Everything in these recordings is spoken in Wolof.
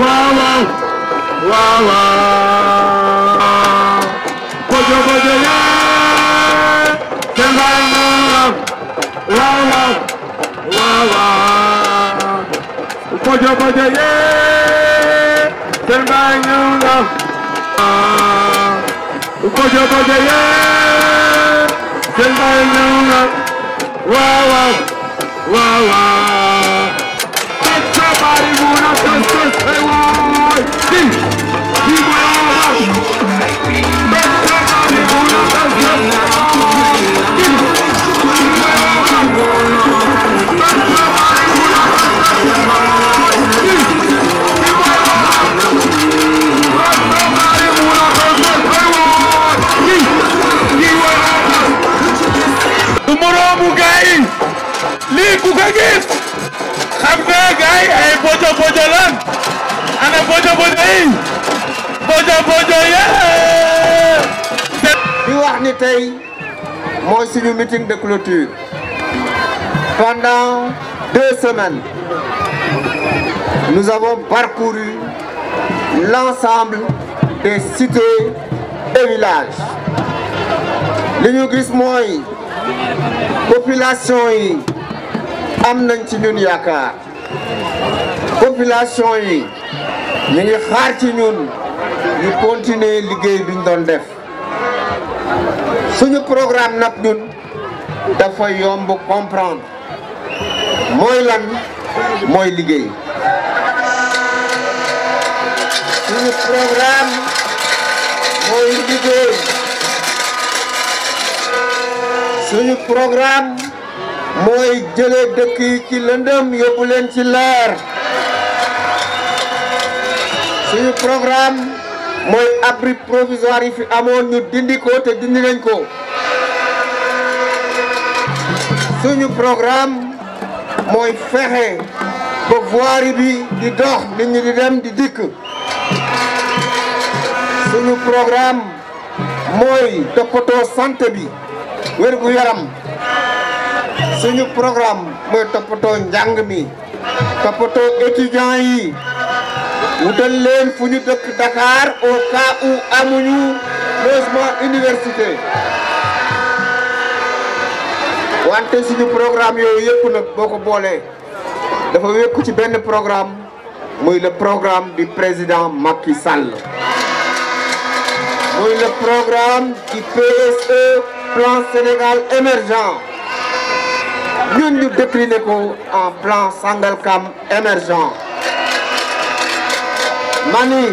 waaw waaw waaw waaw bojo bojo yee kemba yee waaw waaw waaw waaw bojo bojo yee kemba yee bojo bojo yee kemba yee waaw waaw waaw waaw meeting de clôture pendant deux semaines nous avons parcouru l'ensemble des cités et villages population am nañ ci ñun yaakaar population yi ñu ngi xaar ci ñun ñu continuer liggéey bi doon def suñu programme nag ñun dafa yomb comprendre mooy lan mooy liggéey suñu programme mooy liggéey mooy jële dëkk yi ci lëndëm yóbbu leen ci leer suñu programme mooy abri provisoire yi fi amoon ñu dindi ko te dindi nañ ko suñu programme mooy fexe ba voirie bi di dox nit ñi di dem di dikk suñu programme mooy toppatoo santé bi wér gu yaram suñu programme mooy toppatoo njàng mi toppatoo étudiants yi wutal leen fu ñu dëkk Dakar au cas où amuñu logement université wante suñu programme yooyu yëpp nag boo ko boolee dafa wékku ci benn programme muy le programme du président Macky Sall muy le programme du PSE plan Sénégal émergent Nous ñu décliné en plan Sangalkam émergent mani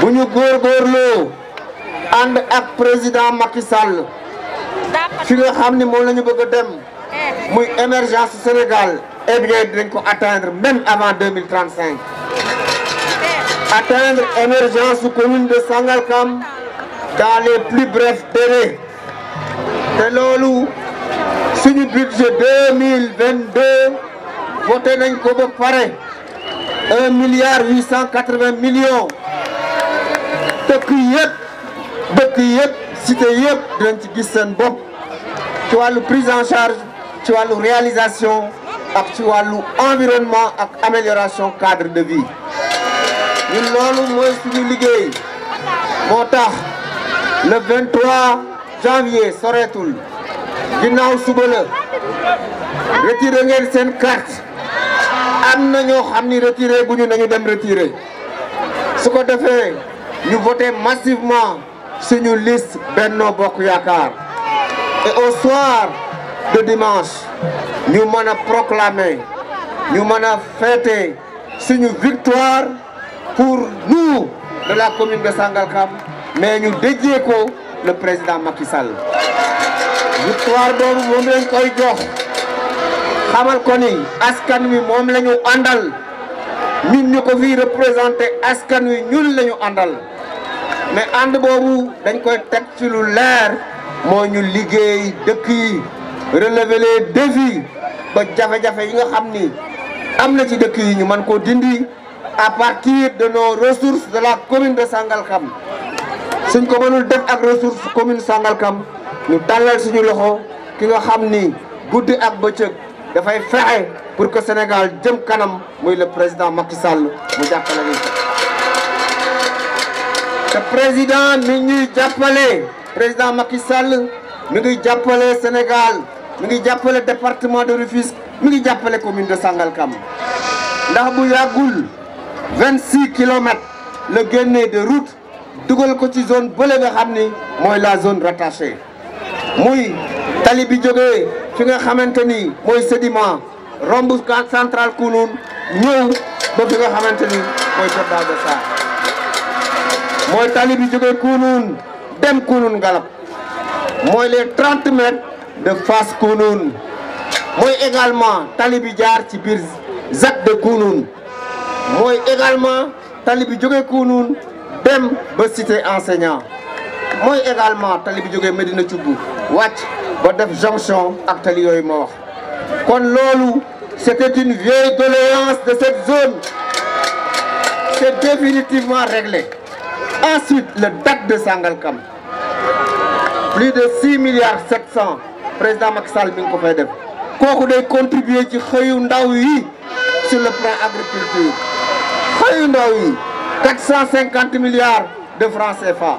vous nous góorgóorloo ànd président Macky Sall fi nga que nous moom bëgg émergence Sénégal eh bien dinañ atteindre même avant 2035 atteindre émergence commune de Sangalkam dans les plus brefs délais suñu budget 2022, voté nañ ko un milliard huit cent quatre millions dëkk yëpp dëkk yëpp cité yëpp dinañ ci gis seen bopp ci prise en charge ci walu réalisation ak ci walu environnement ak amélioration cadre de vie ñun loolu mooy suñu liggéey moo tax le 23 janvier soreetul je suba la retiré ngeen sen carte am na ñoo xamni retirer, retiré bu ñu nañu dem retiré su ko ñu voté massivement suñu liste Benno Bokk yaakar et au soir de dimanche ñu mën proclamer ñu mën fêter suñu victoire pour nous de la commune de Sangalkam mais ñu dédié ko le président Macky Sall. victoire boobu moom lañ koy jox xamal ko ni askan wi moom la àndal ñun ñu ko fii représenté askan wi ñun lañu àndal mais ànd boobu dañ koy teg ci leer moo ñu liggéey dëkk yi relever les ba jafe-jafe yi nga xam ni am na ci dëkk yi ñu man koo dindi à partir de nos ressources de la commune de Sangalkam suñ ko mënul def ak ressources commune Sangalkam ñu tàllal suñu loxo ki nga xamni gudd guddi ak da fay fexe pour que Sénégal jëm kanam muy le président Macky Sall mu jappalé ñu te président mi ñuy jappalé président Macky Sall mi ngi jappalé Sénégal mi ngi jappalé département de Rufisque mi ngi jappalé commune de Sangalkam ndax bu yagul 26 km, le génnee de route dugal ko ci zone bële nga xamni moy la zone rattachée. muy tali bi jógee fi nga xamante ni mooy sédiment romb central Kounoune ñëw ba fi nga xamante ni mooy Keur Daouda Sarr mooy tali bi jóge Kounoune dem Kounoune galab mooy les 30 mètres de Fass Kounoune mooy également tali bi jaar ci biir ZAC de Kounoune mooy également tali bi jógee Kounoune dem ba cité enseignant mooy également tali bi jógee Medina Thioub wat c'était une vieille doléance de cette zone c'est définitivement réglé ensuite le date de Sangalkam plus de 6 milliards 700 président Maxal Sall ko fay def kokou day contribuer ci sur le plan agriculture xeyu ndaw 450 milliards de francs CFA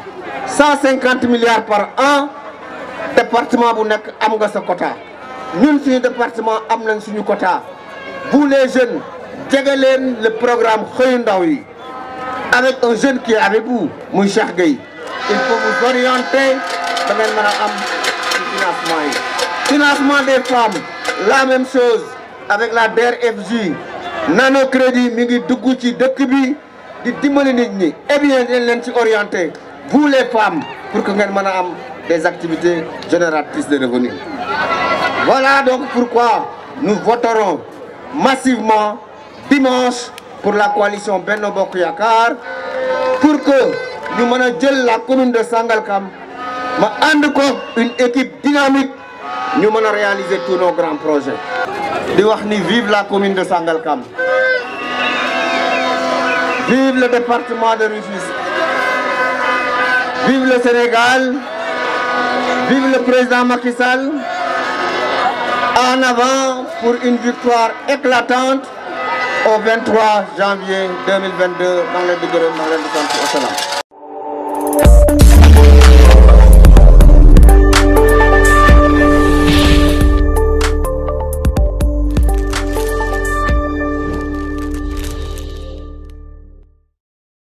150 milliards par an département bu nek am nga sa quota ñun département am nañ suñu quota vous les jeunes vous le programme xëyu ndaw yi avec un jeune qui est avec vous mon Cheikh Gueye il faut vous orienter pour que vous ayez am financement financement des femmes la même chose avec la DRFJ nano crédit mi ngi dugg ci dëkk bi di dimbali nit ñi eh bien dañ leen ci orienter vous les femmes pour que ngeen ayez am des activités génératrices de revenus. Voilà donc pourquoi nous voterons massivement dimanche pour la coalition Benno pour que nous mën la commune de Sangalkam en tout une équipe dynamique nous mën réaliser tous nos grands projets. di vive la commune de Sangalkam vive le département de Rufus vive le Sénégal. Vive le président Macky Sall. En avant pour une victoire éclatante au 23 janvier 2022 dans le département de